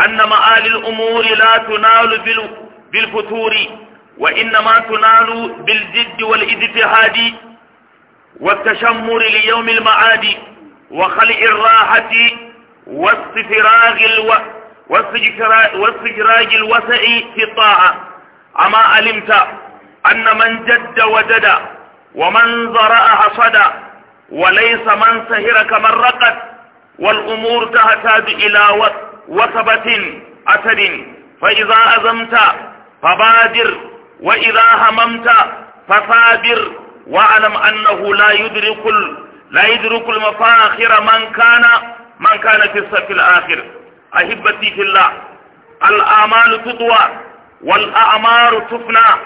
أن مآل الأمور لا تنال بالفتور وإنما تنال بالجد والاجتهاد والتشمر ليوم المعاد وخلع الراحة واستفراغ الو... واستجراج الوسع في الطاعة أما علمت أن من جد وجد ومن زرع حصد وليس من سهر كمن رقد والأمور تهتاد إلى وقت وثبت أتد فإذا أزمت فبادر وإذا هممت فصابر واعلم أنه لا يدرك لا يدرك المفاخر من كان من كان في الصف الآخر أحبتي في الله الآمال تطوى والأعمار تفنى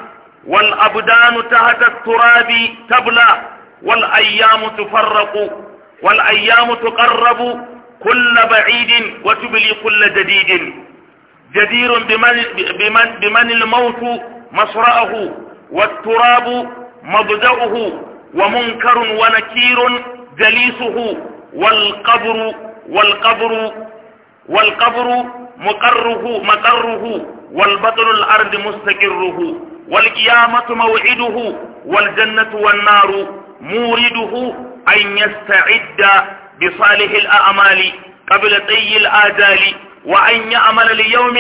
والأبدان تحت التراب تبلى والأيام تفرق والأيام تقرب كل بعيد وتبلي كل جديد جدير بمن, بمن, بمن الموت مصرأه والتراب مضجعه ومنكر ونكير جليسه والقبر والقبر والقبر مقره مقره والبطن الأرض مستقره والقيامة موعده والجنة والنار مورده أن يستعد بصالح الأعمال قبل طي الآجال وأن يعمل ليوم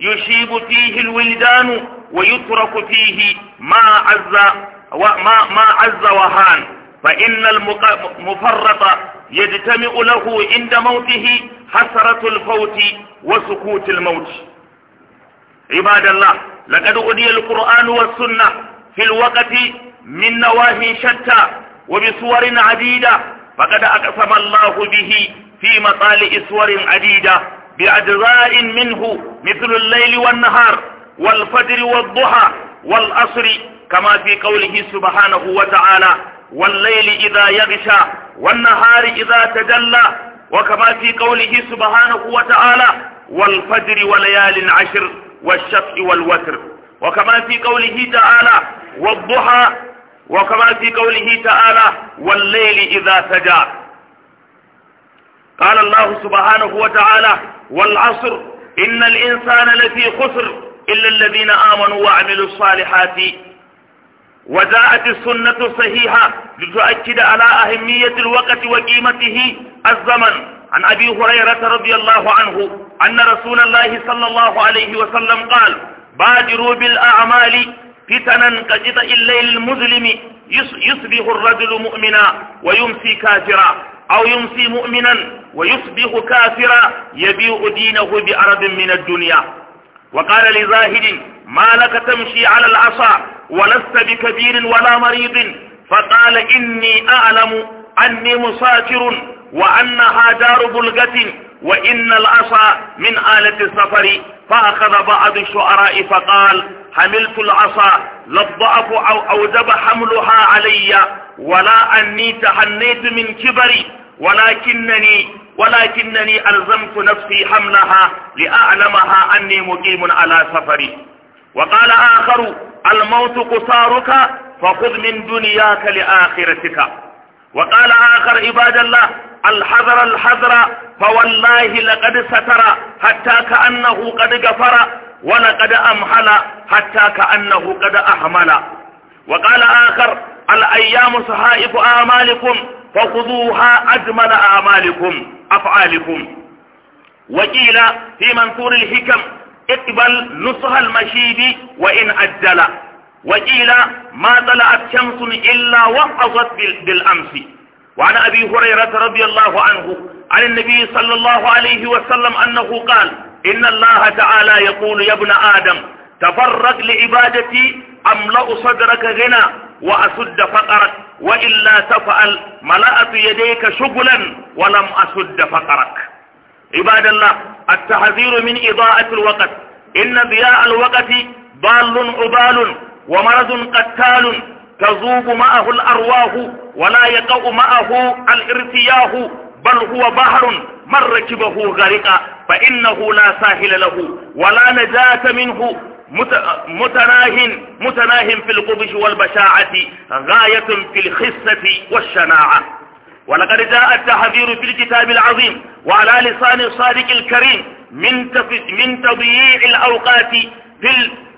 يشيب فيه الولدان ويترك فيه ما عز وما ما عز وهان فإن المفرط يجتمع له عند موته حسرة الفوت وسكوت الموت عباد الله لقد أدي القرآن والسنة في الوقت من نواهي شتى وبصور عديدة فقد أقسم الله به في مطالع صور عديدة بأجزاء منه مثل الليل والنهار والفجر والضحى والأصر كما في قوله سبحانه وتعالى والليل إذا يغشى والنهار إذا تجلى وكما في قوله سبحانه وتعالى والفجر وليال عشر والشفع والوتر وكما في قوله تعالى والضحى وكما في قوله تعالى والليل إذا سجى قال الله سبحانه وتعالى والعصر إن الإنسان لفي خسر إلا الذين آمنوا وعملوا الصالحات وجاءت السنة الصحيحة لتؤكد على أهمية الوقت وقيمته الزمن عن أبي هريرة رضي الله عنه أن رسول الله صلى الله عليه وسلم قال بادروا بالأعمال فتنا كجزء الليل المظلم يصبح الرجل مؤمنا ويمسي كافرا أو يمسي مؤمنا ويصبح كافرا يبيع دينه بأرض من الدنيا وقال لزاهد ما لك تمشي على العصا ولست بكبير ولا مريض فقال إني أعلم أني مسافر وأنها دار بلغة وإن العصا من آلة السفر فأخذ بعض الشعراء فقال حملت العصا لا الضعف أو أوجب حملها علي ولا أني تحنيت من كبري ولكنني ولكنني ألزمت نفسي حملها لأعلمها أني مقيم على سفري وقال آخر الموت قصارك فخذ من دنياك لآخرتك وقال آخر عباد الله الحذر الحذر فوالله لقد ستر حتى كأنه قد غفر ولقد أمهل حتى كأنه قد أحمل وقال آخر الأيام صحائف أعمالكم فخذوها أجمل أعمالكم أفعالكم وقيل في منثور الحكم اقبل نصح المشيد وإن أجل وقيل ما طلعت شمس إلا وقظت بالأمس وعن أبي هريرة رضي الله عنه عن النبي صلى الله عليه وسلم أنه قال إن الله تعالى يقول يا ابن آدم تفرق لعبادتي أملأ صدرك غنى وأسد فقرك وإلا تفعل ملأت يديك شغلا ولم أسد فقرك عباد الله التحذير من إضاءة الوقت إن ضياء الوقت ضال عبال ومرض قتال تذوب معه الأرواح ولا يقع معه الارتياح بل هو بحر من ركبه غرق فإنه لا ساحل له ولا نجاة منه متناه متناه في القبش والبشاعة غاية في الخسة والشناعة ولقد جاء التحذير في الكتاب العظيم وعلى لسان الصادق الكريم من من تضييع الأوقات في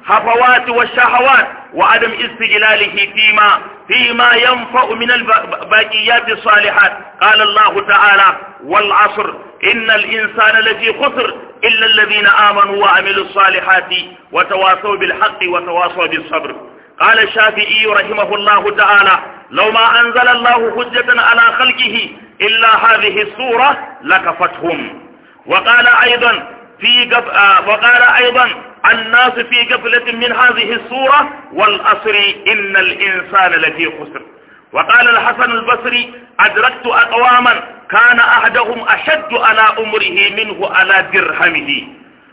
هفوات والشهوات وعدم استجلاله فيما فيما ينفع من الباقيات الصالحات قال الله تعالى والعصر إن الإنسان لفي خسر إلا الذين آمنوا وعملوا الصالحات وتواصوا بالحق وتواصوا بالصبر قال الشافعي رحمه الله تعالى لو ما أنزل الله حجة على خلقه إلا هذه السورة لكفتهم وقال أيضا في آه، وقال أيضا الناس في قفلة من هذه الصورة والأسر إن الإنسان لفي خسر وقال الحسن البصري أدركت أقواما كان أحدهم أشد على أمره منه على درهمه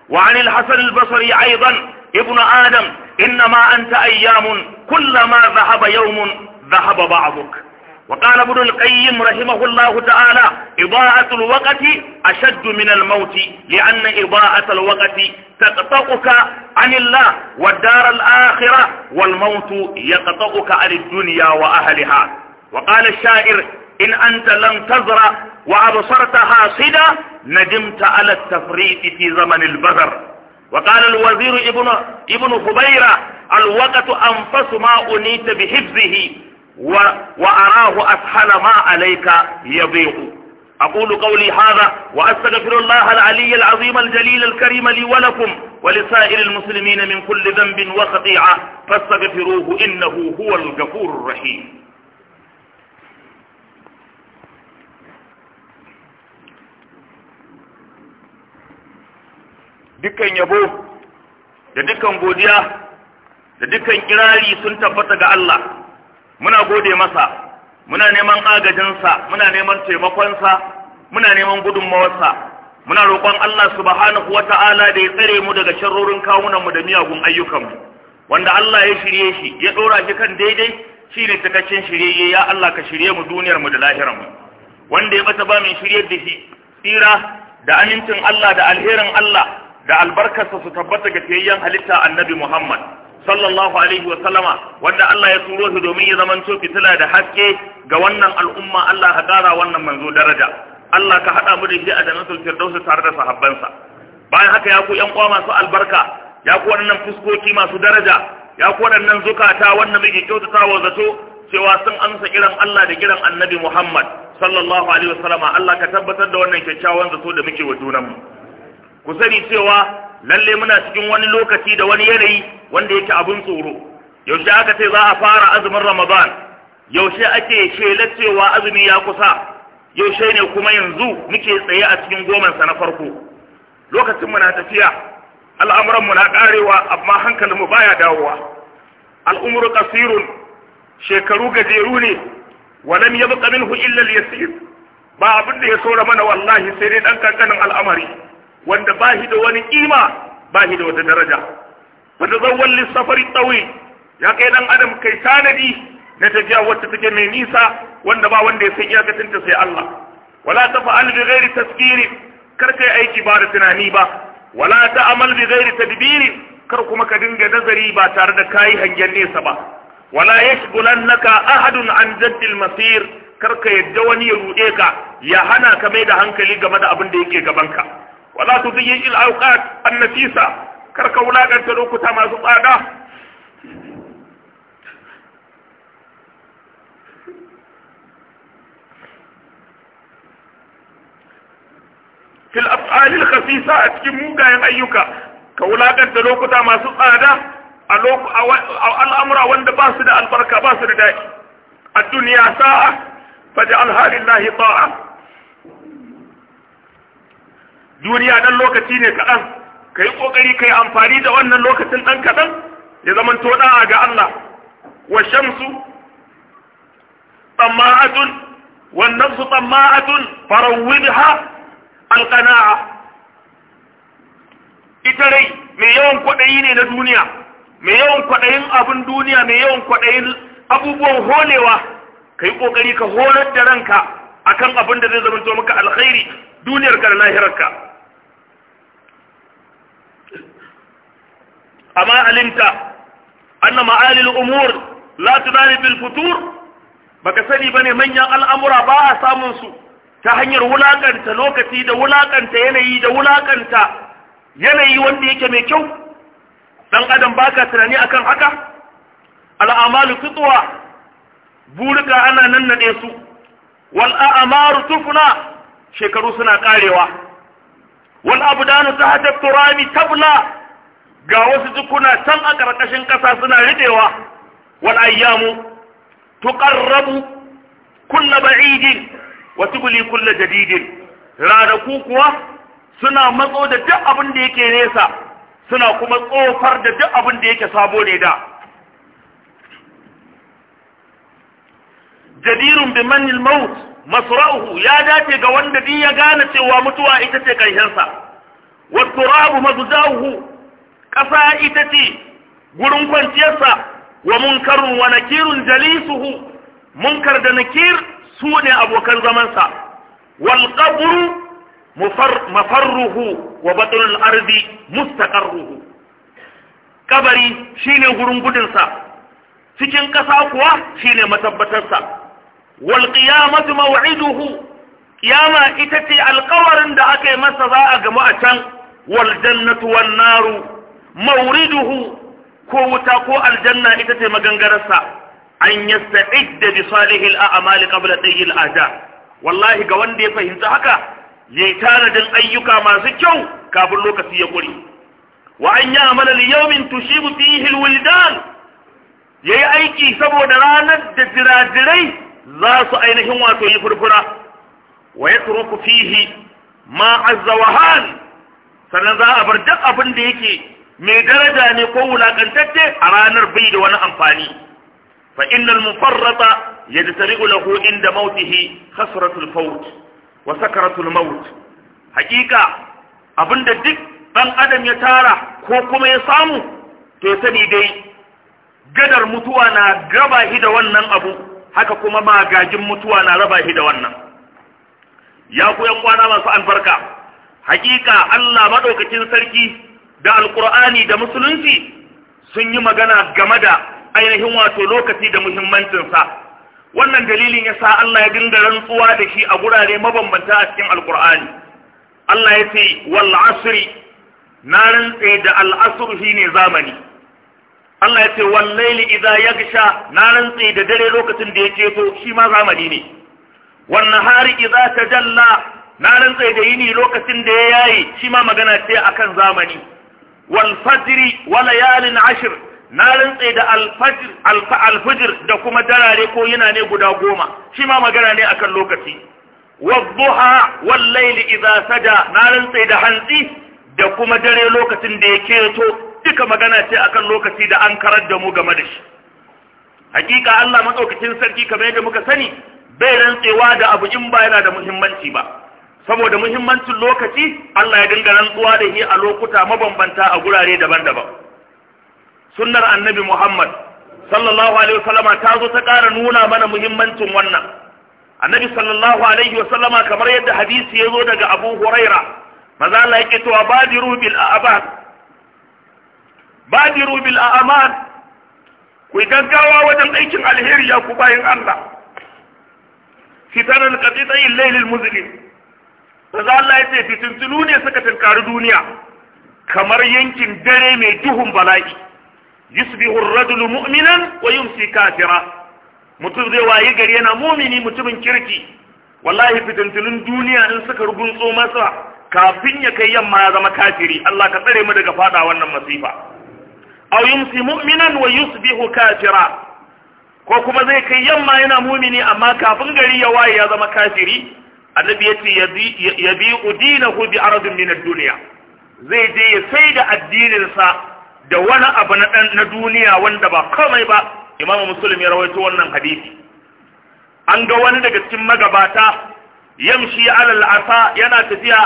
وعن الحسن البصري أيضا ابن آدم إنما أنت أيام كلما ذهب يوم ذهب بعضك وقال ابن القيم رحمه الله تعالى إضاعة الوقت أشد من الموت لأن إضاعة الوقت تقطعك عن الله والدار الآخرة والموت يقطعك عن الدنيا وأهلها وقال الشاعر إن أنت لم تزرع وأبصرت حاصدا ندمت على التفريط في زمن البذر وقال الوزير ابن, ابن خبيرة الوقت أنفس ما أنيت بحفظه وأراه أسهل ما عليك يضيق أقول قولي هذا وأستغفر الله العلي العظيم الجليل الكريم لي ولكم ولسائر المسلمين من كل ذنب وخطيعة فاستغفروه إنه هو الغفور الرحيم dukkan yabo da dukkan godiya da dukkan kirari sun tabbata ga Allah muna gode masa muna neman agajinsa muna neman taimakonsa muna neman gudunmawarsa muna roƙon Allah subhanahu wata'ala da ya tsare mu daga sharrorin kawunanmu da miyagun ayyukanmu wanda Allah ya shirye shi ya ɗora shi kan daidai shi ne cikakken shirye ya Allah ka shirye mu duniyar mu da lahirar mu wanda ya bata ba mai shirye da shi tsira da amincin Allah da alherin Allah da albarkarsa su tabbata ga fiyayyen halitta annabi Muhammad sallallahu alaihi wa sallama wanda Allah ya turo shi domin ya zamanto fitila da haske ga wannan al'umma Allah ka kara wannan manzo daraja Allah ka hada mu da shi a jannatul firdaus tare da sahabbansa bayan haka ya ku yan kwa masu albarka ya ku wannan fuskoki masu daraja ya ku wannan zukata wanda muke wa zato cewa sun amsa kiran Allah da kiran Annabi Muhammad sallallahu alaihi wa sallama Allah ka tabbatar da wannan kyakkyawan zato da muke wa junanmu ku sani cewa lalle muna cikin wani lokaci da wani yanayi wanda yake abin tsoro yaushe aka ce za a fara azumin ramadan yaushe ake shelar cewa azumi ya kusa yaushe ne kuma yanzu muke tsaye a cikin gomansa na farko lokacin muna tafiya al'amuranmu na karewa amma hankalinmu baya dawowa al'umru kasirun shekaru gajeru ne walam yabqa minhu illa al-yasir ba abin da ya saura mana wallahi sai dai dan kankanin al'amari wanda ba shi da wani ƙima, ba shi da wata daraja zan tazawwal safari tawil ya kai dan adam kai tanadi na tafiya wacce take mai nisa wanda ba wanda ya san iyakacinta sai Allah wala tafa'al bi ghairi kar kar kai aiki ba da tunani ba wala amal bi ghairi tadbiri kar kuma ka dinga nazari ba tare da kayi hangen nesa ba wala yashghulannaka ahadun an jaddil masir kar ka yadda wani ya rude ka ya hana ka mai da hankali game da abin da yake gabanka ولا تضيع الأوقات النفيسة كركو لا تلوك تما زبادة في الأفعال الخفيسة أتجمو قائم أيوكا كولا قد تلوك تما زبادة الأمر وند باسد البركة باسد الدنيا ساعة فجعلها لله طاعة duniya dan lokaci ne kaɗan ka yi ƙoƙari ka yi amfani da wannan lokacin ɗan kaɗan ya zamanto ɗa'a ga Allah wa shamsu tsamma'atun wa nafsu tsamma'atun farawwidha alqana'a ita rai mai yawan kwaɗayi ne na duniya mai yawan kwaɗayin abin duniya mai yawan kwaɗayin abubuwan holewa ka yi ƙoƙari ka horar da ranka akan abin da zai zamanto maka alkhairi duniyarka da lahirarka أما علمت أن معالي الأمور لا تنال بالفتور baka sani ba ne manyan al'amura ba a samun su ta hanyar wulaƙanta lokaci da wulakanta yanayi da wulakanta yanayi wanda yake mai kyau dan adam baka tunani akan haka al'amalu tutuwa burika ana nannade su wal a'maru tufna shekaru suna ƙarewa. wal abdanu tahta turabi tabla ga wasu jikuna can a ƙarƙashin ƙasa suna riɗewa wal ayyamu tuqarrabu kullu ba'idin wa tubli kullu jadidin ranaku kuwa suna matso da duk abin da yake nesa suna kuma tsofar da duk abin da yake sabo ne da jadirun bi manil maut masra'uhu ya dace ga wanda din ya gane cewa mutuwa ita ce karshensa wa turabu mazdahu ƙasa ita ce gurin kwanciyarsa wa munkarun wa nakirun jalisuhu munkar da nakir su ne abokan zamansa wal qabru mafarruhu wa batunul ardi mustaqarruhu kabari shine gurin gudunsa cikin ƙasa kuwa shine matabbatarsa wal qiyamatu maw'iduhu kiyama ita ce alƙawarin da aka yi masa za a gamu a can wal jannatu wan naru mauriduhu ko wuta ko aljanna ita ce magangararsa an yasta'idda bi salihil a'mali qabla dayyil ada wallahi ga wanda ya fahimta haka yayi tanadin ayyuka masu kyau kafin lokaci ya kure wa an ya'mala li yawmin tushibu fihi alwildan yayi aiki saboda ranar da jiradirai za su ainihin wato yi furfura wa yatruku fihi ma azza wa hal sannan za a bar duk abin da yake mai daraja ne ko wulakantacce a ranar bai da wani amfani fa innal mufarrata yajtari'u lahu inda mautihi khasratul fawt wa sakaratul maut hakika abinda duk dan adam ya tara ko kuma ya samu to ya sani dai gadar mutuwa na gaba hi da wannan abu haka kuma magajin mutuwa na raba hi da wannan ya ku yan kwana masu albarka hakika Allah madaukakin sarki da alkur'ani da musulunci sun yi magana game da ainihin wato lokaci da muhimmancinsa wannan dalilin ya sa Allah ya dinga rantsuwa da shi a gurare mabambanta a cikin alkur'ani Allah ya ce wal asri na rantse da shi shine zamani Allah ya ce wal layli idza yaghsha na rantse da dare lokacin da ya ceto shi ma zamani ne wan nahari idza tajalla na rantse da yini lokacin da ya yayi shi ma magana ce akan zamani wal fajri wa layalin ashir na rantse da alfajir da kuma darare ko yana ne guda goma shi ma magana ne akan lokaci wa duha wal layli idza saja na rantse da hantsi da kuma dare lokacin da ya to, duka magana ce akan lokaci da an karar da mu game da shi hakika Allah matsokacin sarki kamar yadda muka sani bai rantsewa da abu in ba yana da muhimmanci ba saboda muhimmancin lokaci Allah ya dinga rantsuwa da shi a lokuta mabambanta a gurare daban-daban sunnar annabi Muhammad sallallahu alaihi wasallama ta zo ta ƙara nuna mana muhimmancin wannan annabi sallallahu alaihi wasallama kamar yadda hadisi ya zo daga Abu Huraira maza Allah yake cewa badiru bil a'mad badiru bil a'mad ku gaggawa wajen aikin alheri ya ku bayin Allah fitanan qatita'il laylil muzlim za Allah ya ce fitintunu ne suka tunkari duniya kamar yankin dare mai duhun bala'i yusbihu ar-rajulu mu'minan wa yumsi kafira mutum zai wayi gari yana mumini mutumin kirki wallahi fitintunun duniya in suka rugunso masa kafin ya kai yamma ya zama kafiri Allah ka tsare mu daga fada wannan masifa aw yumsi mu'minan wa yusbihu kafira ko kuma zai kai yamma yana mumini amma kafin gari ya waye ya zama kafiri annabi yace Yabi, dinahu bi ardin min ad-dunya zai je ya sai da addininsa da wani abu na na duniya wanda ba komai ba imam muslim ya rawaito wannan hadisi an ga wani daga cikin magabata yamshi alal asa yana tafiya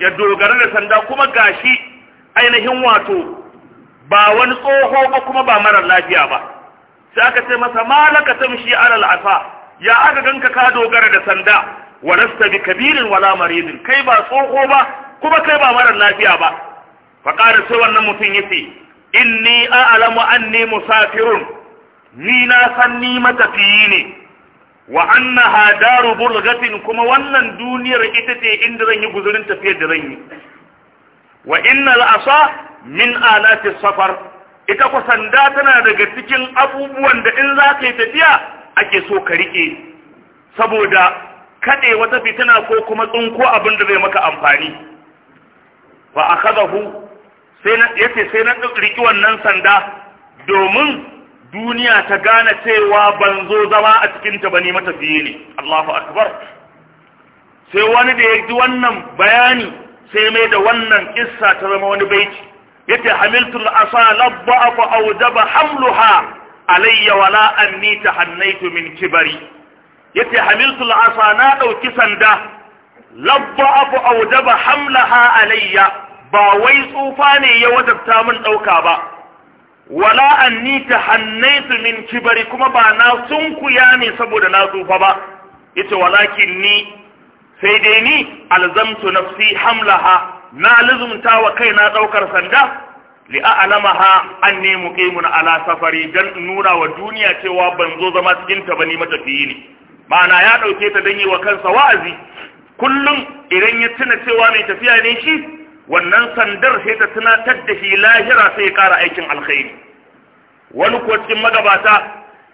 ya dogara da sanda kuma gashi ainihin wato ba wani tsoho ba kuma ba mara lafiya ba sai aka ce masa malaka tamshi alal asa ya aka ganka ka dogara da sanda walasta bi kabirin wala maridin kai ba tsoho ba kuma kai ba marar lafiya ba fa qala sai wannan mutum yace inni a'lamu anni musafirun ni na san ni matafiyi ne wa annaha daru burgatin kuma wannan duniyar ita ce inda zan yi guzurin tafiyar da zan yi wa innal asa min alati safar ita ku sanda tana daga cikin abubuwan da in za ka yi tafiya ake so ka rike saboda kade wata fitina ko kuma tsunko abin da zai maka amfani fa akhadahu sai ya yace sai na riki wannan sanda domin duniya ta gane cewa ban zo zama a cikin ta bane matafiye ne Allahu akbar sai wani da ya ji wannan bayani sai mai da wannan kissa ta zama wani baiti yace hamiltu al-asa labba fa ba hamluha alayya wala ta hannaitu min kibari yace hamiltul asa na dauki sanda labba abu aujaba hamlaha alayya ba wai tsufa ne ya wajabta min dauka ba wala anni tahannaitu min kibari kuma ba na sunkuya ne saboda na tsufa ba yace walakin ni sai dai ni alzamtu nafsi hamlaha na lizumta wa kai na daukar sanda li a'lamaha anni muqimun ala safari dan nuna wa duniya cewa ban zo zama cikin ta bane matafiyi ne ma'ana ya ɗauke ta don yi wa kansa wa'azi kullum idan ya tuna cewa mai tafiya ne shi wannan sandar sai ta tunatar da shi lahira sai ya ƙara aikin alkhairi wani kuwa cikin magabata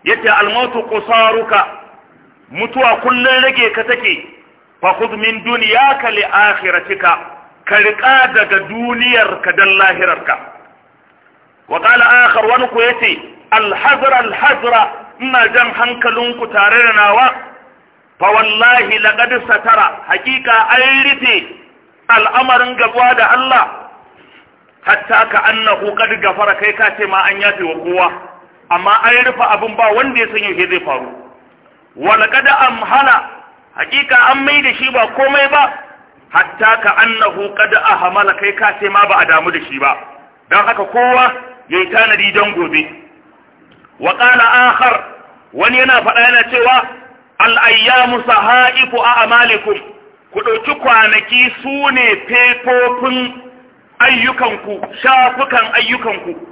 ya ce almautu kusaruka mutuwa kullum rage ka take fakud min duniya ka li akhiratika ka riƙa daga duniyar ka dan lahirarka wa qala akhar wani ku yace alhazra alhazra ina jan hankalinku tare da nawa fa wallahi laqad satara hakika an rite al'amarin gaba da Allah hatta ka annahu qad gafara kai ka ce ma an yafe wa kowa amma an rufe abin ba wanda ya san yaushe zai faru wa amhala hakika an mai da shi ba komai ba hatta ka annahu qad ahmala kai ka ce ma ba a damu da shi ba dan haka kowa yayi tanadi don gobe wa qala akhar wani yana faɗa yana cewa al'ayyamu sahaifu a amalikum ku ɗauki kwanaki su ne fefofin ayyukanku shafukan ayyukanku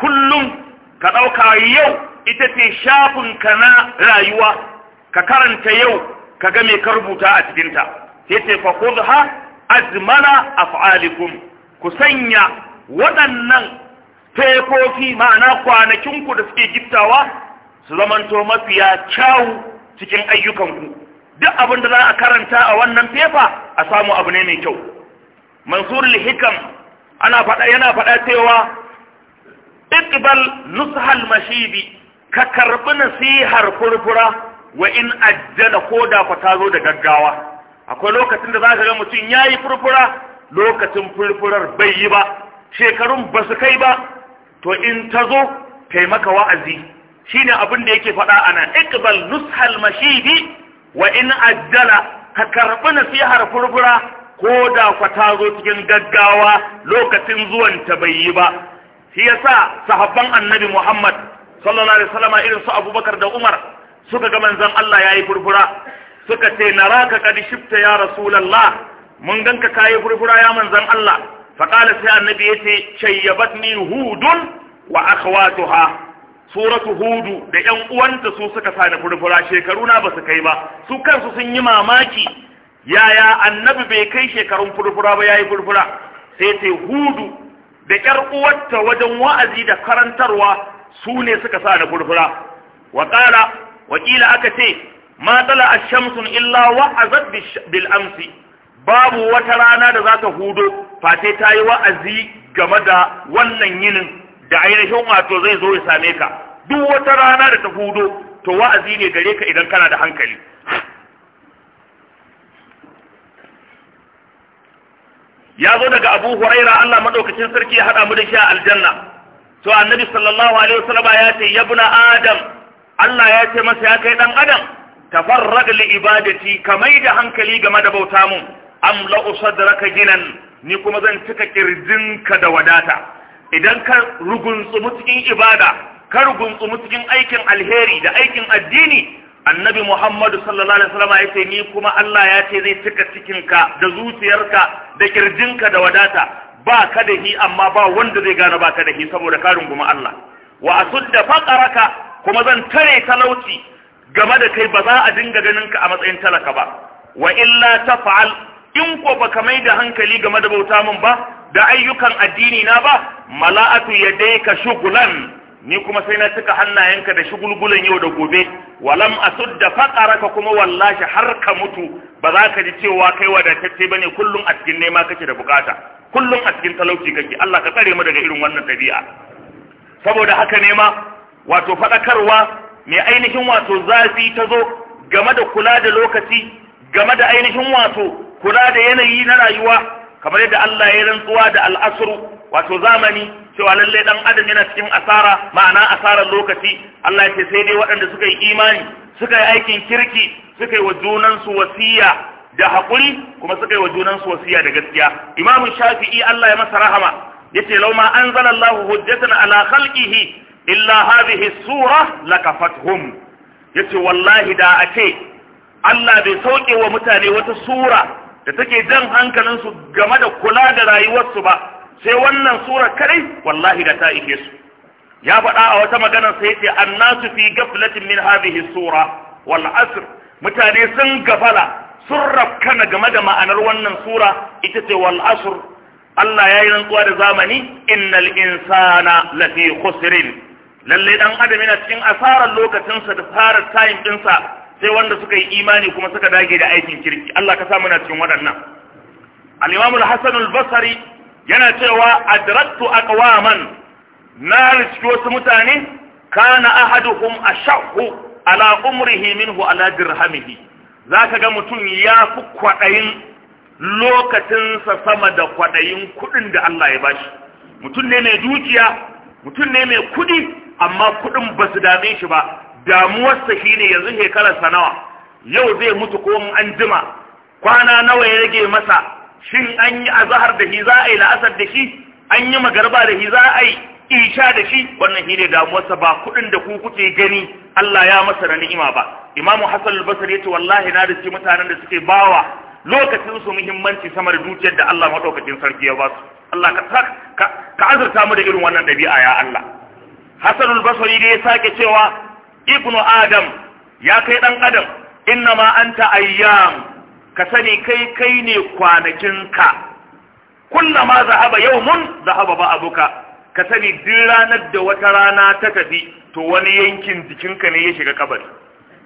kullum ka ɗauka yau ita ce shafin ka na rayuwa ka karanta yau ka ga mai ka a cikinta sai ce fa ha azmana af'alikum ku sanya waɗannan fefofi ma'ana kwanakinku da suke gittawa su zamanto mafiya kyawu cikin ayyukanku duk abin da za a karanta a wannan fefa a samu abu ne mai kyau mansur hikam ana faɗa yana faɗa cewa iqbal nushal mashibi ka karɓi nasihar furfura wa in ajjala ko da ku ta zo da gaggawa akwai lokacin da za ka ga mutum ya yi furfura lokacin furfurar bai yi ba shekarun ba su kai ba to in ta zo kai maka wa'azi shine abin da yake faɗa ana iqbal nushal mashidi wa in ajjala ka karɓi nasihar furfura ko da kwa ta zo cikin gaggawa lokacin zuwan ta bai yi ba shi yasa sahabban annabi Muhammad sallallahu alaihi wasallam irin su Abubakar da Umar suka ga manzon Allah yayi furfura suka ce naraka kad shifta ya rasulullah mun ganka kayi furfura ya manzon Allah faqala sai annabi yace shayyabatni hudun wa akhwatuha suratu hudu da yan uwanta su suka sani furfura shekaru na ba su kai ba su kansu sun yi mamaki yaya annabi bai kai shekarun furfura ba yayi furfura sai ce hudu da yar uwarta wajen wa'azi da karantarwa su ne suka sa sani furfura wa qala wakila aka ce ma tala ash-shamsu illa wa'azat bil amsi babu wata rana da za ta hudo fate ta yi wa'azi game da wannan yinin da ainihin wato zai zo ya same ka duk wata rana da ta hudo to wa'azi ne gare ka idan kana da hankali ya zo daga Abu Huraira Allah madaukakin sarki ya hada mu da shi a aljanna to annabi sallallahu alaihi wasallam ya ce ya buna adam Allah ya ce masa ya kai dan adam tafarrag li ibadati kamai da hankali game da bauta mun amla usadraka ginan ni kuma zan cika ka da wadata idan ka rugunsumu cikin ibada ka rugunsumu cikin aikin alheri da aikin addini annabi muhammadu sallallahu alaihi wasallam ya ce ni kuma Allah ya ce zai cika cikinka da zuciyarka da kirjinka da wadata ba ka da hi amma ba wanda zai gane ba ka da hi saboda ka runguma Allah wa asudda faqaraka kuma zan tare talauci game da kai ba za a dinga ganin ka a matsayin talaka ba wa illa taf'al in ko baka mai da hankali game da bauta min ba da ayyukan addini na ba mala'atu ya yadayka shugulan ni kuma sai na cika hannayenka da shugulgulan yau da gobe walam asud da faqaraka kuma wallahi har ka mutu ba za ka ji cewa kai wadatacce bane kullum a cikin nema kake da bukata kullum a cikin talauci kake Allah ka tsare mu daga irin wannan dabi'a saboda haka nema wato fadakarwa mai ainihin wato zafi ta zo game da kula da lokaci game da ainihin wato kula da yanayi na rayuwa kamar yadda Allah ya rantsuwa da al'asru wato zamani cewa lalle dan adam yana cikin asara ma'ana asarar lokaci Allah ya ce sai dai waɗanda suka yi imani suka yi aikin kirki suka yi wa junansu wasiya da haƙuri kuma suka yi wa junansu wasiya da gaskiya Imam Shafi'i Allah ya masa rahama yace law ma anzala Allahu hujjatan ala khalqihi illa hadhihi sura lakafathum yace wallahi da a ce Allah bai sauke wa mutane wata sura da take jan hankalinsu game da kula da rayuwarsu ba sai wannan sura kadai wallahi da ta ike su ya faɗa a wata magana sai yace annasu fi gaflatin min hadhihi sura wal asr mutane sun gafala sun rafkana game da ma'anar wannan sura ita ce wal asr Allah yayi rantsuwa da zamani innal insana lafi khusrin lalle dan adam yana cikin asarar lokacinsa da fara time ɗinsa sai wanda suka yi imani kuma suka dage da aikin kirki Allah ka samu muna cikin waɗannan al-Imam al-Hasan al-Basri yana cewa adraktu aqwaman na riski wasu mutane kana ahaduhum ashahu ala umrihi minhu ala dirhamihi zaka ga mutum ya fi kwadayin sa sama da kwadayin kudin da Allah ya bashi mutum ne mai dukiya mutum ne mai kudi amma kudin ba su dame shi ba Damuwar sa shine yanzu shekararsa nawa yau zai mutu ko an jima kwana nawa ya rage masa shin an yi azahar da shi za a yi la'asar da shi an yi magarba da shi za a yi isha da shi wannan shine damuwar sa ba kuɗin da ku kuke gani Allah ya masa da ni'ima ba Imam Hassan al-basri yace wallahi na da mutanen da suke bawa lokacin su muhimmanci samar da dukiyar da Allah madaukakin sarki ya ba su Allah ka ka azurta mu da irin wannan dabi'a ya Allah Hassan al-basri dai ya sake cewa ibnu adam ya kai ɗan adam ma anta ayyam ka sani kai kai ne kwanakinka kullama zahaba yawmun zahaba ba abuka ka sani duk ranar da wata rana ta tafi to wani yankin jikinka ne ya shiga kabari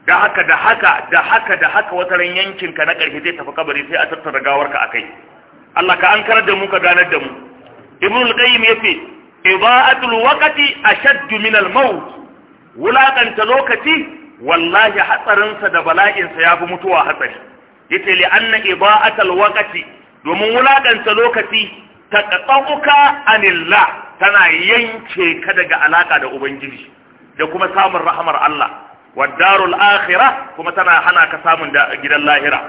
da haka da haka da haka da haka wata ran yankinka na ƙarfi zai tafi kabari sai a tattara gawarka akai Allah ka an karar da mu ka ganar da mu ibnu al-qayyim yace ibaatul waqti ashaddu min al-maut wulaƙanta lokaci wallahi hatsarinsa da bala'insa ya fi mutuwa hatsari yace li anna iba'atal domin wulaƙanta lokaci ta taqta'uka anillah tana yanke ka daga alaƙa da ubangiji da kuma samun rahamar Allah wadarul akhira kuma tana hana ka samun da gidan lahira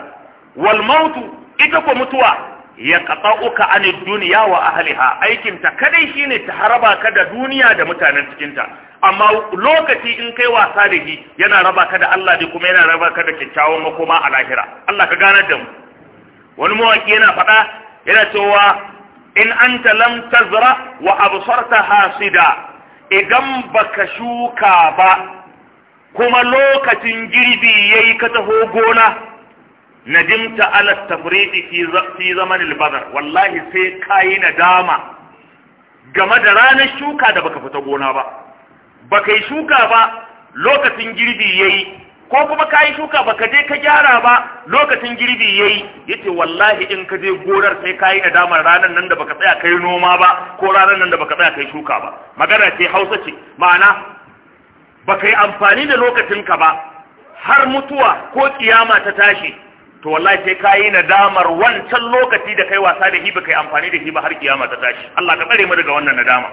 wal mautu ita ko mutuwa ya qata'uka anid dunya wa ahliha aikin kadai shine ta haraba ka da duniya da mutanen cikinta. amma lokaci in kai wasa da shi yana raba ka da Allah da kuma yana raba ka da kyakkyawan makoma a lahira Allah ka ganar da mu wani mawaki yana faɗa yana cewa in anta lam tazra wa absarta hasida idan baka shuka ba kuma lokacin girbi yayi ka taho gona nadimta ala tafriqi fi zaman al-badr wallahi sai kai nadama game da ranar shuka da baka fita gona ba ba ka yi shuka ba lokacin girbi ya yi ko kuma ka yi shuka ba ka je ka gyara ba lokacin girbi ya yi ya ce wallahi in ka je gonar sai ka yi nadamar ranar nan da baka tsaya kai noma ba ko ranar nan da baka tsaya kai shuka ba magana ce hausa ce ma'ana ba ka yi amfani da lokacinka ba har mutuwa ko kiyama ta tashi to wallahi sai ka yi nadamar wancan lokaci da kai wasa da shi ka yi amfani da shi har kiyama ta tashi Allah ka tsare mu daga wannan nadama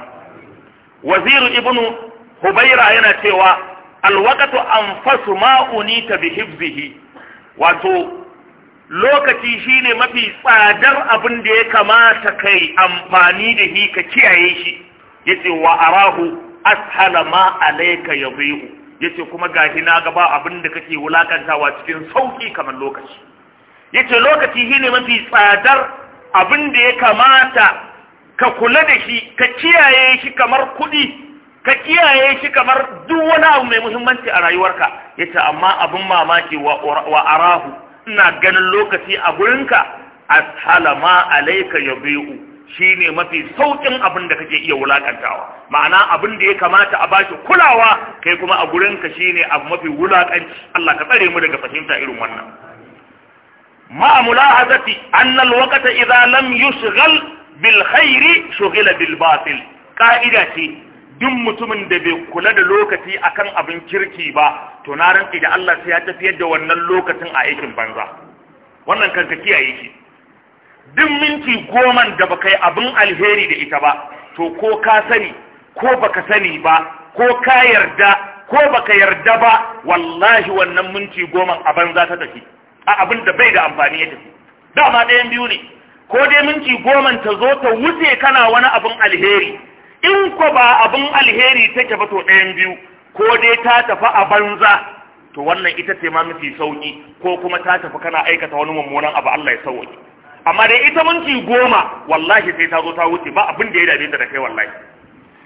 waziru ibnu hubaira yana cewa alwaqatu anfasu ma unita bi hibzihi wato lokaci shine mafi tsadar abin da ya kamata kai amfani da shi ka kiyaye shi yace wa arahu ashala ma alayka ya yace kuma gashi na gaba abin da kake wulakantawa cikin sauki kamar lokaci yace lokaci shine mafi tsadar abin da ya kamata ka kula da shi ka kiyaye shi kamar kuɗi ka kiyaye shi kamar duk wani abu mai muhimmanci a rayuwarka ce amma abin mamaki wa arahu ina ganin lokaci a gurinka ashala ma alayka yabiu shine mafi sauƙin abin da kake iya wulakantawa ma'ana abin da ya kamata a bashi kulawa kai kuma a gurinka shine abu mafi wulakanci Allah ka tsare mu daga fahimta irin wannan ma mulahazati anna alwaqta idza lam yushghal bil khairi shughila bil batil ka'ida ce duk mutumin da bai kula da lokaci akan abin kirki ba to na rantsi da Allah sai ya tafiyar da wannan lokacin a aikin banza wannan kan ta kiyaye ki. duk minti goman da baka yi abin alheri da ita ba to ko ka sani ko baka sani ba ko ka yarda ko baka yarda ba wallahi wannan minti goman a banza ta tafi a abin da bai da amfani ya tafi dama ɗayan biyu ne ko dai minti goman ta zo ta wuce kana wani abin alheri in ko ba abin alheri take ba to ɗayan biyu ko dai ta tafi a banza to wannan ita ce ma mafi sauki ko kuma ta tafi kana aikata wani mummunan abu Allah ya sauki amma dai ita minti goma wallahi sai ta zo ta wuce ba abin da ya dame ta da kai wallahi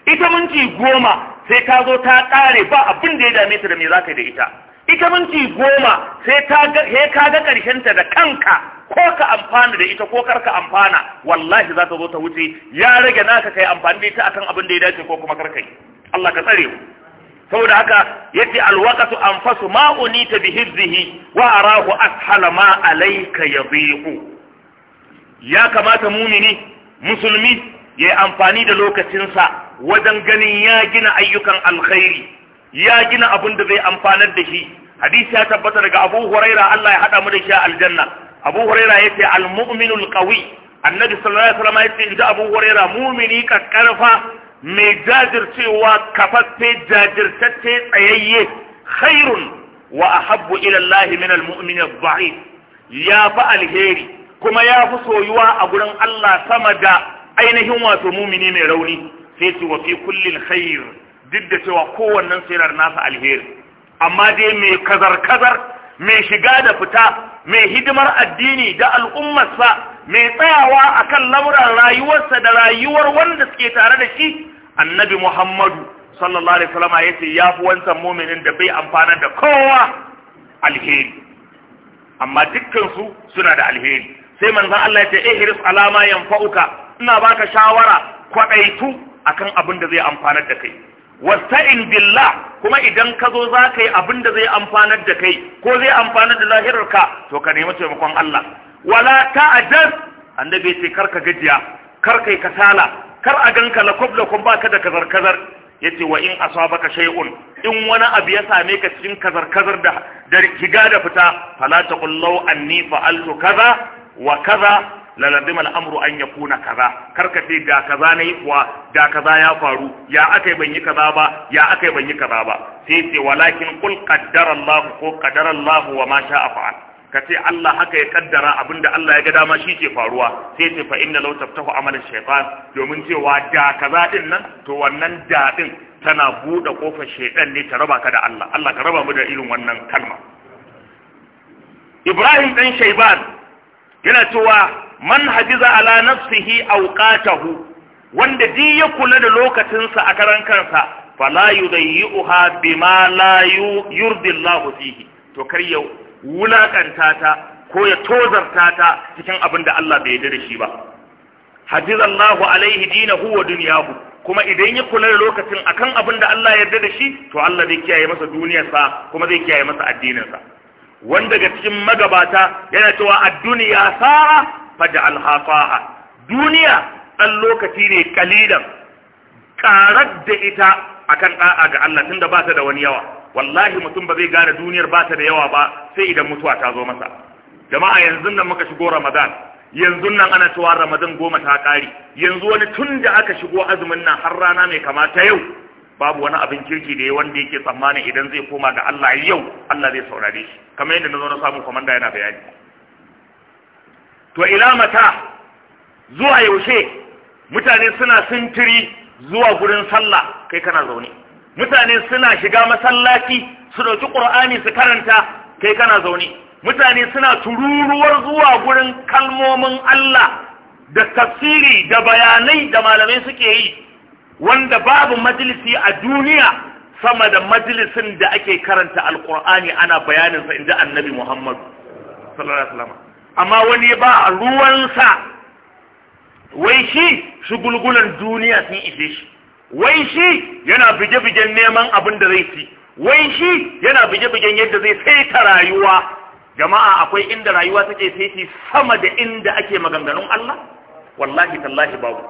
ita minti goma sai ta zo ta ƙare ba abin da ya dame ta da me za ka da ita ita minti goma sai ka ga ta da kanka ko ka amfana da ita ko karka amfana wallahi za ta zo ta wuce ya rage naka kai amfani da ita akan abin da ya dace ko kuma karkai. Allah ka tsare mu saboda haka yace alwaqatu anfasu ma unita bihizzihi wa arahu ashala ma alayka yadhiqu ya kamata mumini musulmi ya yi amfani da lokacinsa wajen ganin ya gina ayyukan alkhairi ya gina abin da zai amfanar da shi hadisi ya tabbata daga Abu Huraira Allah ya hada mu da shi a aljanna Abu Huraira ce al mu'minul al-qawi annabi sallallahu alaihi wasallam ce inda Abu Huraira mu'mini kakkarfa mai jajircewa kafaffe jajirtacce tsayayye khairun wa ahabbu ila Allah min al-mu'min al-dha'if ya fa alheri kuma ya fi soyuwa a gurin Allah sama da ainihin wato mumini mai rauni sai ce wa fi kullin khair duk da cewa kowannen sirar nasa alheri amma dai mai kazar-kazar mai shiga da fita mai hidimar addini da al'ummarsa mai tsayawa a kan lamuran rayuwarsa da rayuwar wanda suke tare da shi annabi muhammadu sallallahu alaihi wasallam ya ce ya fi wancan muminin da bai amfana da kowa alheri amma dukkansu suna da alheri sai manzan Allah ya ce ihris alama fa'uka, ina baka shawara kwaɗaitu akan abin da zai amfanar da kai wasta'in billah kuma idan ka zo za ka yi abin da zai amfanar da kai ko zai amfanar da lahirarka to ka nemi taimakon Allah wala ta'addar annabi ce kar ka gajiya kar kai kasala kar a ganka lakob lakob baka da kazar kazar yace wa in asabaka shay'un in wani abu ya same ka cikin kazar kazar da da da fita fala taqullu anni fa'altu kaza wa kaza la al'amru an kuna kaza karka ce ga kaza nayi kuwa da kaza ya faru ya akai ban yi kaza ba ya akai ban yi kaza ba sai ce walakin qul qaddara Allah ko qaddara Allah wa ma sha'a fa'al kace Allah haka ya kaddara abinda Allah ya ga dama shi ke faruwa sai ce fa inna law taftahu amalan shaytan domin cewa da kaza din nan to wannan da din tana buɗe kofar shaidan ne ta raba ka da Allah Allah ka raba mu da irin wannan kalma Ibrahim dan Shayban yana cewa man hajiza ala nafsihi awqatahu wanda di ya kula da lokacinsa a karan kansa fala yudayyuha bima la yurdi Allah fihi to kar ya wulakanta ta ko ya tozarta ta cikin abin da Allah bai yarda da shi ba hajiza Allah alaihi dinahu wa dunyahu kuma idan ya kula da lokacin akan abin da Allah ya yarda da shi to Allah zai kiyaye masa duniyarsa kuma zai kiyaye masa sa. wanda daga cikin magabata yana cewa ad-dunya sa'a faj'al hafaha duniya dan lokaci ne kalilan karar da ita akan da'a ga Allah tunda ba ta da wani yawa wallahi mutum ba zai gane duniyar ba ta da yawa ba sai idan mutuwa ta zo masa jama'a yanzu nan muka shigo Ramadan yanzu nan ana cewa Ramadan goma ta kare yanzu wani tunda aka shigo azumin nan har rana mai kama ta yau babu wani abin kirki da ya wanda yake tsammanin idan zai koma ga Allah yau Allah zai saurare shi kamar yadda na zo na samu komanda yana bayani to ila mata zuwa yaushe mutane suna sintiri zuwa gurin sallah kai kana zaune mutane suna shiga masallaci su dauki qur'ani su karanta kai kana zaune mutane suna tururuwar zuwa gurin kalmomin Allah da tafsiri da bayanai da malamai suke yi wanda babu majalisi a duniya sama da majalisin da ake karanta alqur'ani ana bayaninsa inda annabi Muhammad sallallahu alaihi wasallam amma wani ba ruwansa wai shi shugulgulan duniya sun ishe shi wai shi yana bige-bigen neman abin da zai ci wai shi yana bige-bigen yadda zai saita rayuwa jama'a akwai inda rayuwa take saiti sama da inda ake maganganun Allah wallahi tallahi babu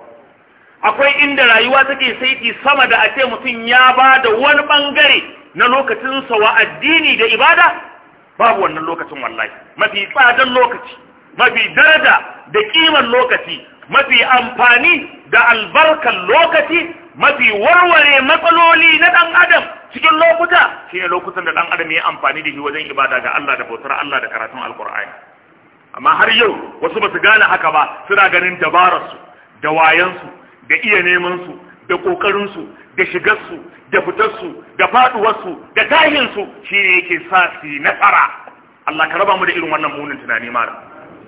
akwai inda rayuwa take saiti sama da ake mutum ya ba da wani bangare na lokacinsa wa addini da ibada babu wannan lokacin wallahi mafi tsadan lokaci mafi daraja da kiman lokaci mafi amfani da albarkan lokaci mafi warware matsaloli na dan adam cikin lokuta shine lokutan da dan adam ya amfani da shi wajen ibada ga Allah da bautar Allah da karatun alkur'ani amma har yau wasu basu gane haka ba suna ganin dabararsu da wayansu da iya neman su da kokarin su da shigarsu da fitarsu da faduwarsu da tahinsu shi ne yake sa su nasara Allah ka raba mu da irin wannan mugun tunani malam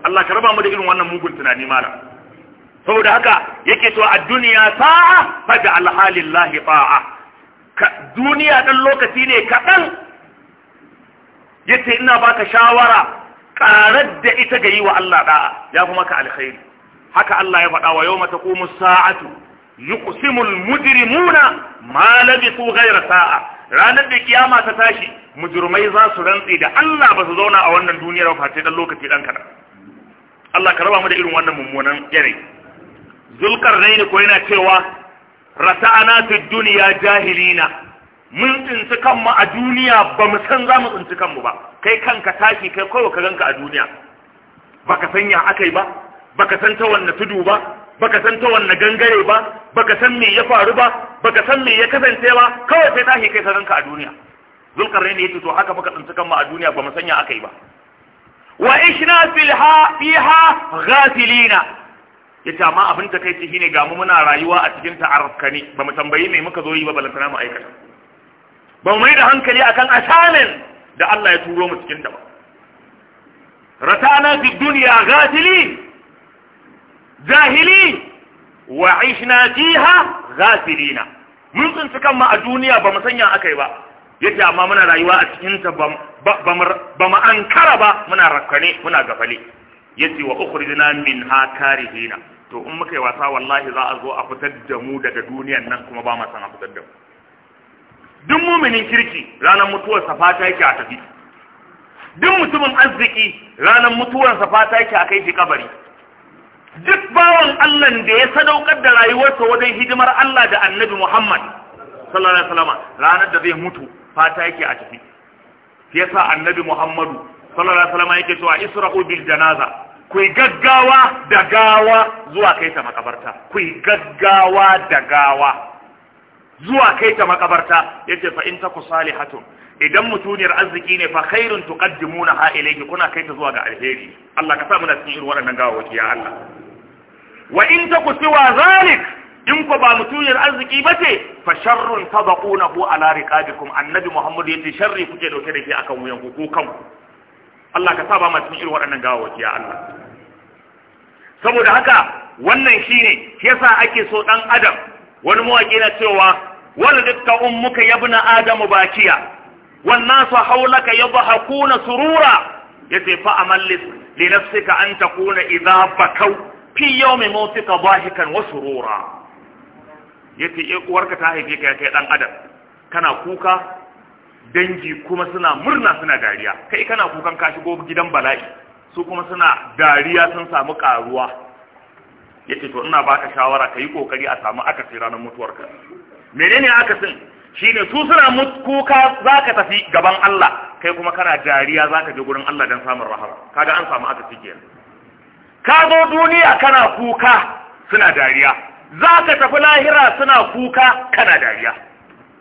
Allah ka raba mu da irin wannan mugun tunani malam saboda haka yake to a duniya sa'a fa da alhalillahi ta'a duniya dan lokaci ne kaɗan yace ina baka shawara karar da ita ga yi wa Allah da'a ya kuma ka alkhairi haka Allah ya faɗa wa yau mata ko musa'atu yuqsimul mujrimuna ma labithu ghayra sa'a ranar da kiyama ta tashi mujrimai za su rantsi da Allah ba su zauna a wannan duniyar ba sai dan lokaci dan kadan Allah ka raba mu da irin wannan mummunan yanayi zulkarnain ko yana cewa rata'ana fi dunya jahilina mun tsinci kanmu a duniya ba mu san za mu tsinci kanmu ba kai kanka tashi kai kawai ka ganka a duniya baka sanya akai ba baka san ta wanne tudu ba baka san ta wanne gangare ba baka san me ya faru ba baka san me ya kasance ba kawai sai tashi kai saranka a duniya zulkarnain yace to haka baka tsinci kanmu a duniya ba mu sanya akai ba wa ishna filha fiha ghafilina yace amma abin ta kai shine ga mu muna rayuwa a cikin ta arfkani ba mu tambayi me muka zo yi ba balantana mu aikata ba mu mai da hankali akan asamin da Allah ya turo mu cikin ta ba ratana fi dunya ghafilin jahili wa ishna jiha ghafilina mun tsinci kanmu a duniya ba mu sanya akai ba yace amma muna rayuwa a cikin ta ba mu ankara ba muna rakkane muna gafale yace wa ukhrijna min hakarihina to in muka yi wasa wallahi za a zo a fitar da mu daga duniyan nan kuma ba mu san a fitar da mu duk muminin kirki ranar mutuwar ta yake a tafi duk mutumin arziki ranar mutuwar ta yake a kai shi kabari duk bawan Allah da ya sadaukar da rayuwarsa wajen hidimar Allah da annabi Muhammad sallallahu alaihi wasallam ranar da zai mutu fata yake a ciki yasa annabi Muhammadu sallallahu alaihi wasallam yake cewa isra'u bil janaza ku gaggawa da gawa zuwa kai ta makabarta ku gaggawa da gawa zuwa kai ta makabarta yace fa in taku salihatun idan mutuniyar arziki ne fa khairun tuqaddimuna ha ilayhi kuna kai ta zuwa ga alheri Allah ka sa mu na cikin irin waɗannan gawawaki ya Allah wa in taku siwa zalik in ku ba mutuniyar arziki ba ce fa sharrun a lari riqabikum annabi muhammad yace sharri kuke dauke da shi akan wuyan ku ko kanku Allah ka saba masu irin waɗannan gawawaki ya Allah saboda haka wannan shine yasa ake so dan adam wani mawaki na cewa un ummuka yabna adamu bakiya wannan su haulaka yadhakuna surura yace fa amallis li nafsika an takuna idha bakau fi yau mai ka shi kan wasu rora ya ce eh, uwarka ta haife ka ya kai ɗan adam kana kuka dangi kuma suna murna suna dariya kai kana kukan ka shigo gidan bala'i su kuma suna dariya sun samu karuwa ya ce to ina baka shawara ka yi kokari a samu sai ranar mutuwarka menene akasin ne su suna kuka za ka tafi gaban Allah kai kuma kana dariya za ka je gurin Allah don samun rahama kaga an samu akasi kenan ka zo duniya kana kuka suna dariya za ka tafi lahira suna kuka kana dariya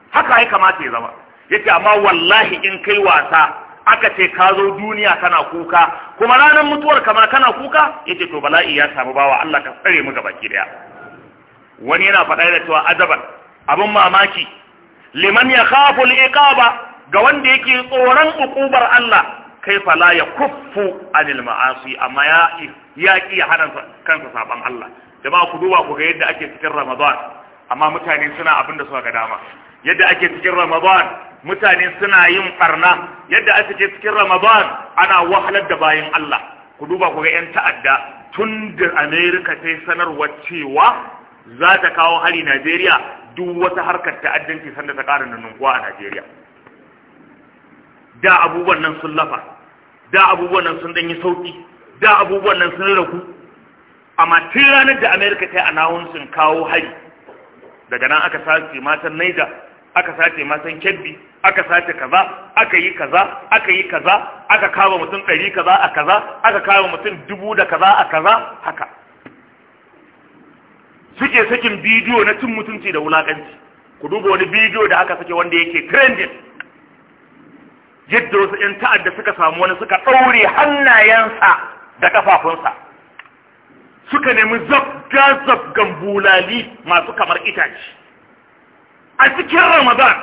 haka ya kamata ya zama yace amma wallahi in kai wasa aka ce ka zo duniya kana kuka kuma ranar mutuwar kama kana kuka yace to bala'i ya samu bawa Allah ka tsare mu gabaki daya wani yana faɗa da cewa azaban abin mamaki liman ya khafu iqaba ga wanda yake tsoron ukubar Allah kaifa la ya kuffu anil ma'asi amma ya ya ki ya hana kansa saban Allah jama'a ku duba ku ga yadda ake cikin Ramadan amma mutane suna abin da suka ga dama yadda ake cikin Ramadan mutane suna yin barna yadda ake cikin Ramadan ana wahalar da bayin Allah ku duba ku ga yan ta'adda tun da America ta sanarwa cewa za ta kawo hari Najeriya duk wata harkar ta'addanci sanda ta ƙara nunkuwa a Najeriya da abubuwan nan sun lafa da abubuwan nan sun danyi sauki da abubuwan nan sun raku amma tun ranar da amerika ta yi annawunsin kawo hari daga nan aka sace matan naija aka sace matan kebbi aka sace kaza aka yi kaza aka yi kaza aka kama mutum ɗari kaza a kaza aka kama mutum dubu da kaza a kaza haka suke sakin bidiyo na cin mutunci da wulakanci ku duba wani bidiyo da aka sake wanda yake trending yadda wasu 'yan ta'adda suka samu wani suka ɗaure hannayensa da ƙafafunsa, suka nemi zabga-zabgan bulali masu kamar itace a cikin ramadan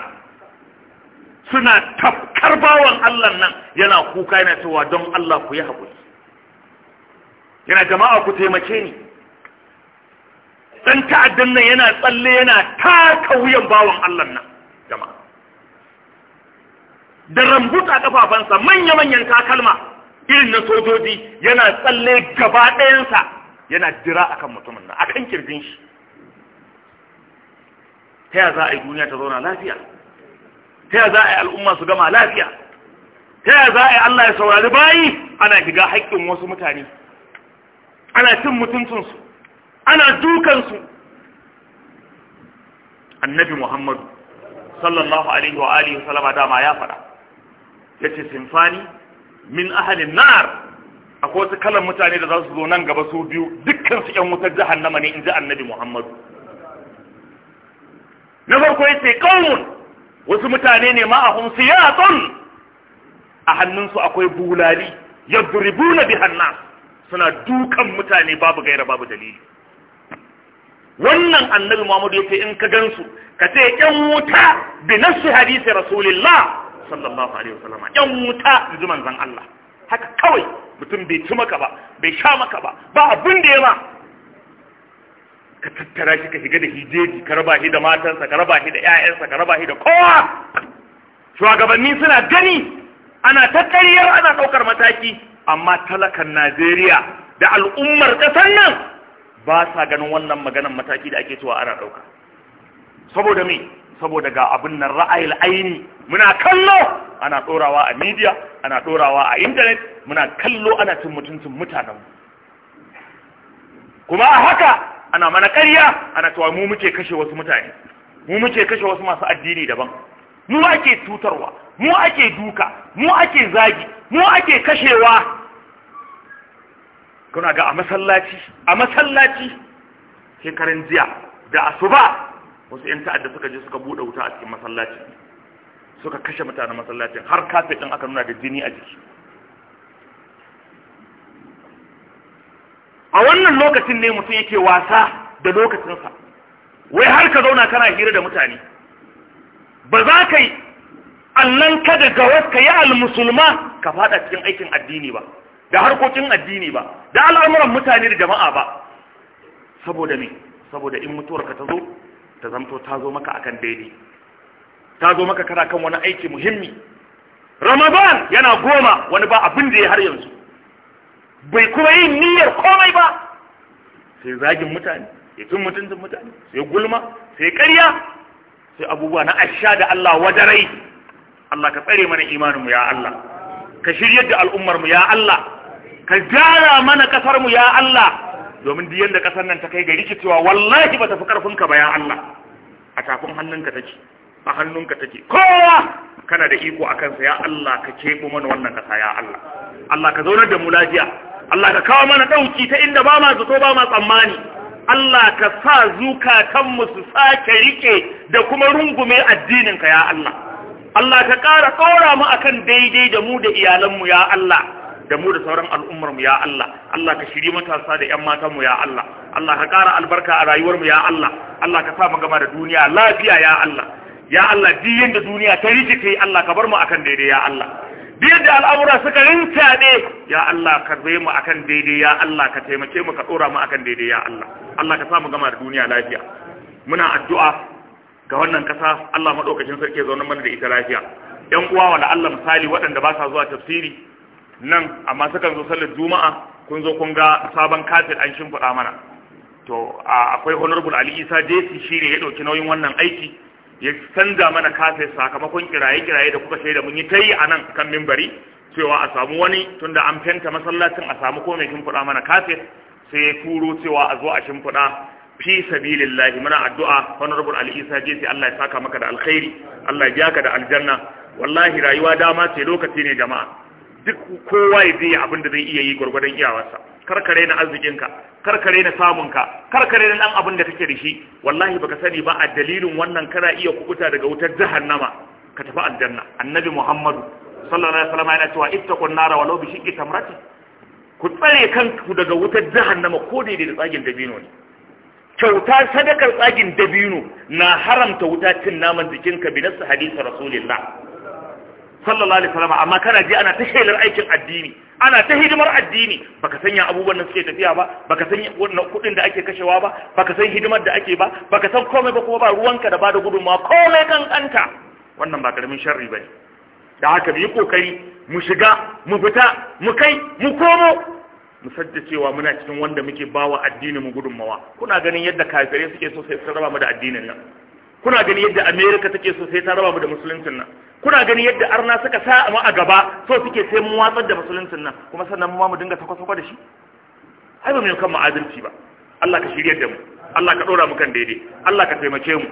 suna tafkar bawan allah nan yana kuka yana cewa don allah ku yi haƙuri yana jama'a ku taimake ni ɗan ta'addan nan yana tsalle yana taka wuyan bawan allah nan da rambuta kafafansa manya-manyan takalma irin na sojoji yana tsalle gaba ɗayansa yana jira a kan mutumin nan kan kirgin shi ta yaya za a yi duniya ta zauna lafiya ta yaya za a yi al'umma su gama lafiya ta yaya za a yi Allah ya saurari bayi ana shiga haƙƙin wasu mutane ana cin mutuncinsu ana dukansu annabi muhammadu sallallahu alaihi wa alihi salama dama ya faɗa yace simfani min ahalin nar akwai wasu kalan mutane da za su zo nan gaba su biyu dukkan su ƴan wutar jahannama ne in ji annabi muhammadu na farko ya ce wasu mutane ne ya siyatun a hannunsu akwai bulali yadribuna bi hanna suna dukan mutane babu gaira babu dalili wannan annabi muhammadu ya ce in ka gansu ka ce 'Yan wuta bi nasu hadisi rasulillah sallallahu alaihi wasallam yan wuta yanzu manzon Allah haka kawai mutum bai ci maka ba bai sha maka ba ba abin da ya ma ka tattara shi ka shiga da hijeji ka raba shi da matansa ka raba shi da ƴaƴansa ka raba shi da kowa shugabanni suna gani ana tattariyar ana ɗaukar mataki amma talakan Najeriya da al'ummar ƙasar nan ba sa ganin wannan maganan mataki da ake cewa ana ɗauka saboda me saboda ga abin nan ra'ayil aini muna kallo ana dorawa a media ana dorawa a intanet muna kallo ana cin mutuncin mutanen kuma a haka ana mana ƙarya ana cewa mu muke kashe wasu mutane mu muke kashe wasu masu addini daban mu ake tutarwa mu ake duka mu ake zagi mu ake kashewa kuna ga a masallaci a masallaci shekaran jiya da asuba wasu 'yan ta'adda suka je suka buɗe wuta a cikin masallacin suka kashe mutanen masallacin har kafe ɗin aka nuna da jini a jiki a wannan lokacin ne mutum yake wasa da lokacinsa wai har ka zauna kana hira da mutane ba za ka yi annan ka da gawas ka yi almusulma ka faɗa cikin aikin addini ba da harkokin addini ba da al'amuran mutane da jama'a ba saboda me saboda in mutuwarka ta zo ta zamto ta zo maka akan daidai ta zo maka kana kan wani aiki muhimmi ramadan yana goma wani ba abin da ya har yanzu bai kuma yin niyyar komai ba sai zagin mutane sai tun mutuncin mutane sai gulma sai karya sai abubuwa na asha da Allah wadarai Allah ka tsare mana imaninmu ya Allah ka shiryar da al'ummarmu ya Allah ka gyara mana ƙasarmu ya Allah domin duk yanda kasar nan ta kai ga rikicewa wallahi ba ta fi karfin ka ba ya Allah a tafin hannunka take a hannunka take kowa kana da iko a kansa ya Allah ka kebo mana wannan kasa ya Allah Allah ka zaunar da mu lafiya Allah ka kawo mana dauki ta inda ba ma zato ba ma tsammani Allah ka sa zukatanmu su sake rike da kuma rungume addininka ya Allah Allah ka ƙara tsora mu akan daidai da mu da iyalanmu ya Allah da mu da sauran al'ummar mu ya Allah Allah ka shiri matasa da ƴan matan mu ya Allah Allah ka ƙara albarka a rayuwar mu ya Allah Allah ka sa mu gama da duniya lafiya ya Allah ya Allah duk yanda duniya ta kai Allah ka bar mu akan daidai ya Allah duk yanda al'amura suka rinta ne ya Allah ka zai mu akan daidai ya Allah ka taimake mu ka dora mu akan daidai ya Allah Allah ka sa mu gama da duniya lafiya muna addu'a ga wannan kasa Allah madaukakin sarki ya zauna mana da ita lafiya yan uwa wala Allah misali waɗanda ba sa zuwa tafsiri nan amma sukan zo sallar juma'a kun zo kun ga sabon kafir an shimfiɗa mana to akwai honorable ali isa jesi shi ya ɗauki nauyin wannan aiki ya canza mana kafir sakamakon kiraye-kiraye da kuka sai da mun yi ta yi a nan kan mimbari cewa a samu wani tunda an fenta masallacin a samu ko mai shimfiɗa mana kafir sai ya turo cewa a zo a shimfiɗa fi sabilillahi muna addu'a honorable ali isa jesi allah ya saka maka da alkhairi allah ya biya da aljanna wallahi rayuwa dama ce lokaci ne jama'a duk kowa ya je abin da zai iya yi gwargwadon iyawarsa karkare na arzikinka karkare na samunka karkare na dan abin da kake da shi wallahi baka sani ba a dalilin wannan kana iya kubuta daga wutar jahannama ka tafi aljanna annabi muhammadu sallallahu alaihi wasallam yana cewa ittaqun nara walau bi shiqqi tamrati ku tsare kanku daga wutar jahannama ko da da tsagin dabino ne kyauta sadakar tsagin dabino na haramta wuta cin naman jikinka bi nasu hadisi rasulillah sallallahu alaihi wasallam amma kana ji ana ta shelar aikin addini ana ta hidimar addini baka sanya abubuwan da suke tafiya ba baka san wannan kudin da ake kashewa ba baka san hidimar da ake ba baka san komai ba kuma ba ruwanka da bada gudunmawa komai kankanta wannan ba karamin sharri bane da haka mu yi kokari mu shiga mu fita mu kai mu komo mu sadda cewa muna cikin wanda muke bawa addinin mu gudunmawa kuna ganin yadda kafirai suke so sai su raba mu da addinin nan kuna gani yadda america take so sai ta raba mu da musuluncin nan kuna gani yadda arna suka sa mu a gaba so suke sai mu watsar da musuluncin nan kuma sannan mu ma mu dinga takwasakwa da shi ai ba mu kan mu adalci ba Allah ka shiryar da mu Allah ka dora mu kan daidai Allah ka taimake mu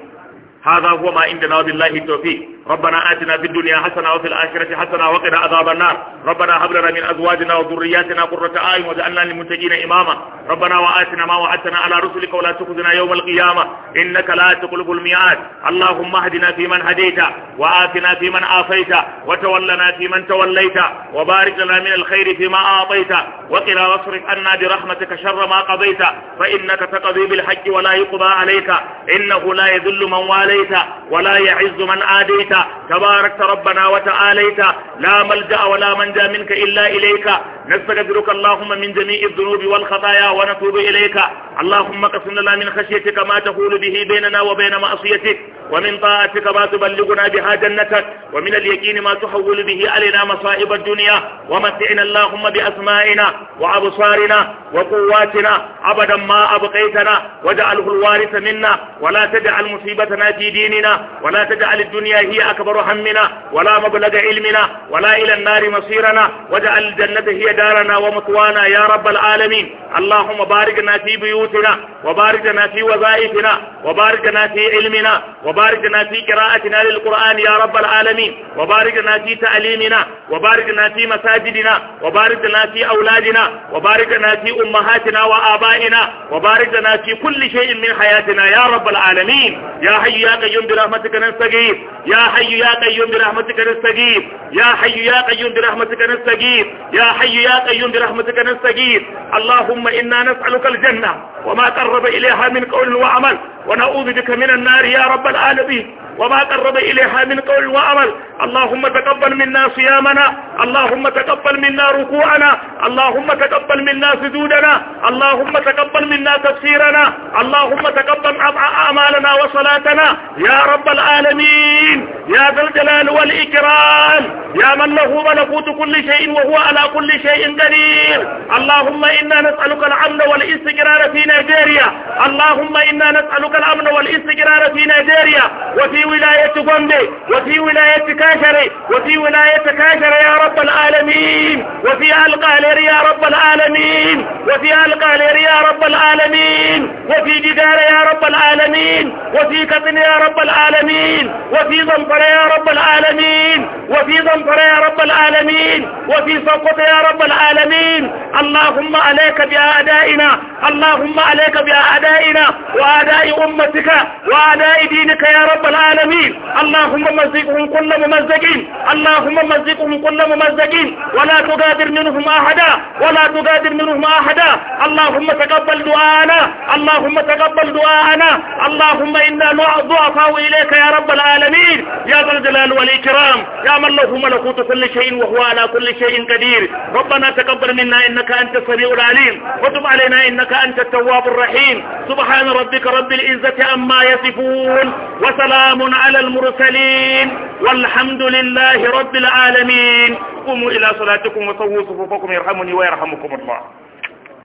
هذا هو ما عندنا وبالله التوفيق ربنا آتنا في الدنيا حسنة وفي الآخرة حسنة وقنا عذاب النار ربنا هب لنا من أزواجنا وذرياتنا قرة أعين واجعلنا للمتقين إماما ربنا وآتنا ما وعدتنا على رسلك ولا تخزنا يوم القيامة إنك لا تقلب الميعاد اللهم اهدنا فيمن هديت وآتنا فيمن آفيت وتولنا فيمن توليت وبارك لنا من الخير فيما أعطيت وقنا واصرف عنا برحمتك شر ما قضيت فإنك تقضي بالحج ولا يقضى عليك إنه لا يذل من واليت واليت ولا يعز من عاديت تباركت ربنا وتعاليت لا ملجا ولا منجا منك الا اليك نستغفرك اللهم من جميع الذنوب والخطايا ونتوب اليك اللهم اقسم لنا من خشيتك ما تحول به بيننا وبين معصيتك ومن طاعتك ما تبلغنا بها جنتك ومن اليقين ما تحول به علينا مصائب الدنيا ومتعنا اللهم بأسمائنا وأبصارنا وقواتنا أبدا ما أبقيتنا واجعله الوارث منا ولا تجعل مصيبتنا في ديننا ولا تجعل الدنيا هي أكبر همنا ولا مبلغ علمنا ولا إلى النار مصيرنا واجعل الجنة هي دارنا ومطوانا يا رب العالمين اللهم باركنا في بيوتنا وباركنا في وظائفنا وباركنا في علمنا وباركنا في قراءتنا للقرآن يا رب العالمين وباركنا في تعليمنا وباركنا في مساجدنا وباركنا في أولادنا وباركنا في أمهاتنا وآبائنا وباركنا في كل شيء من حياتنا يا رب العالمين يا حي ya qayyum bi rahmatika nastaghith ya hayyu ya qayyum bi rahmatika nastaghith ya hayyu ya qayyum bi rahmatika nastaghith ya hayyu ya qayyum bi rahmatika nastaghith allahumma inna nas'aluka aljanna wa ma qarraba ilayha min qawlin wa amal wa na'udhu bika min an-nar ya rabbal alamin وما قرب إليها من قول وعمل اللهم تقبل منا صيامنا اللهم تقبل منا ركوعنا اللهم تقبل منا سجودنا اللهم تقبل منا تفسيرنا اللهم تقبل أعمالنا وصلاتنا يا رب العالمين العظيم يا ذا الجلال والإكرام يا من له ملكوت كل شيء وهو على كل شيء قدير اللهم إنا نسألك الأمن والاستقرار في نيجيريا اللهم إنا نسألك الأمن والاستقرار في نيجيريا وفي ولاية غومبي وفي ولاية كاشري وفي ولاية كاشري يا رب العالمين وفي القاهرة يا رب العالمين وفي القاهرة يا رب العالمين وفي جدار يا رب العالمين وفي كتن يا رب العالمين وفي وفي ظنفر يا رب العالمين وفي ظنفر يا رب العالمين وفي سقط يا رب العالمين اللهم عليك بأعدائنا اللهم عليك بأعدائنا وأعداء أمتك وأعداء دينك يا رب العالمين اللهم مزقهم كل ممزقين اللهم مزقهم كل ممزقين ولا تقادر منهم أحدا ولا تقادر منهم أحدا اللهم تقبل دعانا اللهم تقبل دعانا اللهم إنا ضعفاء إليك يا رب العالمين قدير يا ذا الجلال والإكرام يا من له ملكوت كل شيء وهو على كل شيء قدير ربنا تقبل منا إنك أنت السميع العليم وتب علينا إنك أنت التواب الرحيم سبحان ربك رب العزة عما يصفون وسلام على المرسلين والحمد لله رب العالمين قوموا إلى صلاتكم وصووا صفوفكم يرحمني ويرحمكم الله